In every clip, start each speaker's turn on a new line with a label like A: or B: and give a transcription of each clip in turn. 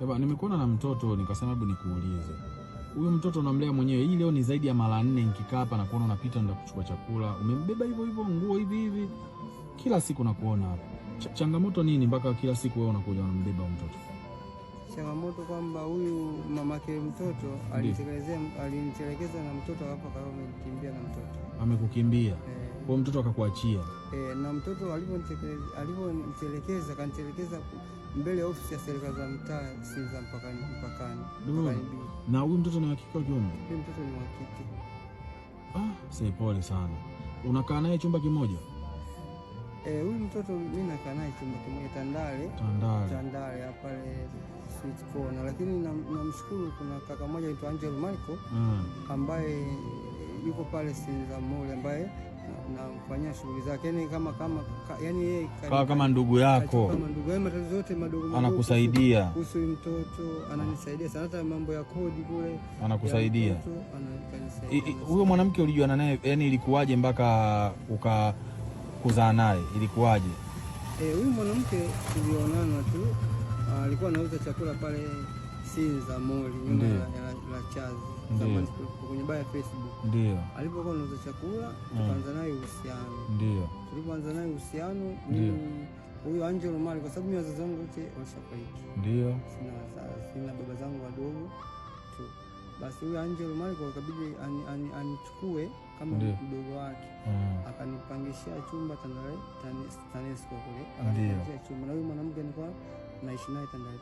A: Sawa. Nimekuona na mtoto nikasema hebu nikuulize. Huyu mtoto unamlea mwenyewe. Hii leo ni zaidi ya mara nne nikikaa hapa na kuona unapita ndio kuchukua chakula. Umembeba hivyo hivyo nguo hivi hivi. Kila siku nakuona hapa. Ch changamoto nini mpaka kila siku wewe unakuja unambeba mtoto?
B: Changamoto kwamba huyu mamake mtoto alinitelekeza na mtoto hapa, kama amekimbia na mtoto.
A: Amekukimbia. Eh. Kwa mtoto akakuachia
B: e, na mtoto alivyonitelekeza kanitelekeza mbele ya ofisi ya serikali za mtaa Sinza mpakani mpakani
A: mpakani. Na huyu mtoto ni wa kike wa kiume?
B: mtoto ni wa kike.
A: Ah, sasa pole sana. Unakaa naye chumba kimoja?
B: Eh, huyu mtoto mimi nakaa naye chumba kimoja Tandale.
A: Tandale.
B: Tandale hapa Sweet Corner, lakini namshukuru na kuna kaka mmoja anaitwa Angel Michael mm. ambaye yuko pale za Mule ambaye namfanyia shughuli zake, yani kama kama yani yeye
A: kama kama ndugu yako,
B: kama ndugu yake, yaani matatizo yote madogo
A: anakusaidia,
B: kuhusu mtoto ananisaidia sana, hata mambo ya kodi kule
A: anakusaidia. Huyo mwanamke ulijuana naye, yani ilikuwaje mpaka ukakuzaa naye, ilikuwaje?
B: Eh, huyu mwanamke tulionana tu, ah, alikuwa anauza chakula pale si za moli nyuma la, chazi zamani kwenye baa ya Facebook. Ndio alipokuwa anauza chakula mm. tukaanza naye uhusiano. Ndio tulipoanza naye uhusiano mimi huyo Angelo Mali, kwa sababu mimi wazazi wangu wote washafariki, ndio sina wazazi, sina baba zangu wadogo tu. Basi huyo Angelo Mali kwa kabidi anichukue kama mdogo wake mm. akanipangishia chumba TANESCO kule, akanipangishia chumba na huyo mwanamke nilikuwa naishi naye Tanzania.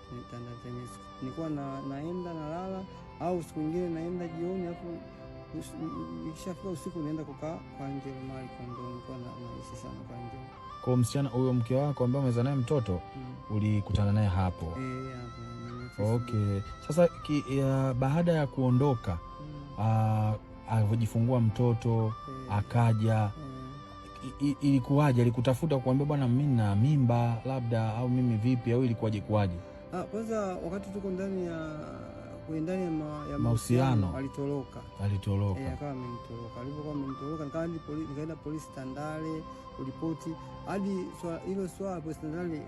B: Nilikuwa na, naenda nalala au siku nyingine naenda jioni hapo nikishafika usiku naenda kukaa kwa nje mali kwa nilikuwa naishi sana kwa nje.
A: Kwa msichana huyo mke wako ambaye umeza naye mtoto mm. ulikutana naye hapo. E, hapo. Okay. Sasa ki, ya, baada ya kuondoka mm. Ah, alivyojifungua mtoto e, akaja e ilikuwaje? Alikutafuta kuambia bwana, mimi na mimba labda, au mimi vipi, au ilikuwaje kuwaje?
B: Ah, kwanza wakati tuko ndani ya ndani ya, ma, ya mahusiano alitoroka, alitoroka eh, akawa amenitoroka. Alipokuwa amenitoroka, polisi, nikaenda polisi Tandale kuripoti hadi hilo swala. Polisi Tandale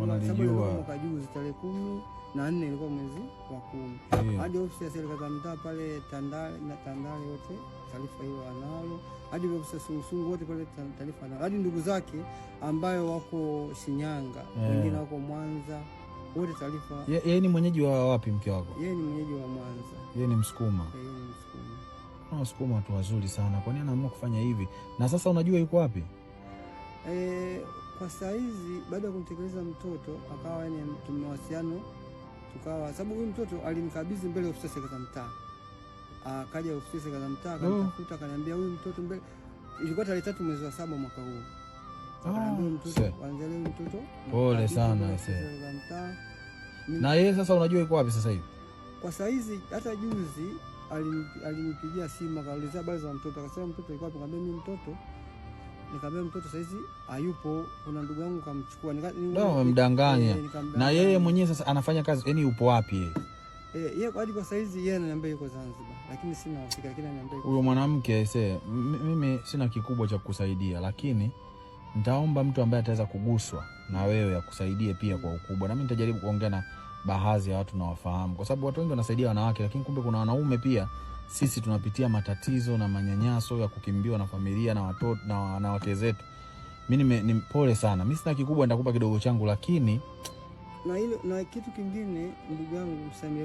A: wanalijua, sababu
B: mwaka juzi tarehe kumi na nne ilikuwa mwezi wa kumi hadi yeah. Ofisi ya serikali za mtaa pale Tandale na Tandale yote taarifa hiyo analo, hadi ofisi ya Sungusungu wote pale taarifa analo, hadi ndugu zake ambayo wako Shinyanga eh. wengine yeah. wako Mwanza wote taarifa
A: yeye. Yeah, ni mwenyeji wa wapi mke wako?
B: Yeye yeah, ni mwenyeji wa Mwanza.
A: Yeye yeah, ni Msukuma.
B: Yeye yeah, ni Msukuma.
A: Kuna ah, Msukuma watu wazuri sana, kwa nini anaamua kufanya hivi? Na sasa unajua yuko wapi?
B: Eh, kwa saa hizi baada ya kumtekeleza mtoto akawa ni tumewasiliano tukawa sababu huyu mtoto alimkabidhi mbele ya serikali za mtaa, akaja ya serikali za mtaa akanitafuta, oh. akaniambia huyu mtoto mbele, ilikuwa tarehe tatu mwezi wa saba mwaka huu,
A: akaniambia mtoto
B: oh, mtoto
A: pole sana za mtaa. Na yeye sasa, unajua yuko wapi sasa hivi
B: kwa saizi? Hata juzi alinipigia simu akaulizia habari za mtoto, akasema mtoto yuko wapi? Nikamwambia mimi mtoto Nikamwambia mtoto saizi hayupo, kuna ndugu yangu kamchukua.
A: Amemdanganya eh, na yeye mwenyewe. Sasa anafanya kazi, yani yupo wapi yeye?
B: Eh, yeye hadi kwa saizi yeye ananiambia yuko Zanzibar, lakini sina uhakika, lakini ananiambia
A: huyo mwanamke ese. Mimi sina kikubwa cha kukusaidia, lakini nitaomba mtu ambaye ataweza kuguswa na wewe akusaidie pia kwa ukubwa, na mimi nitajaribu kuongea na baadhi ya watu nawafahamu, kwa sababu watu wengi wanasaidia wanawake, lakini kumbe kuna wanaume pia sisi tunapitia matatizo na manyanyaso ya kukimbiwa na familia na watoto na wanawake zetu. Mimi ni pole sana, mimi sina kikubwa, nitakupa kidogo changu, lakini
B: na hilo na kitu kingine, ndugu yangu, msamia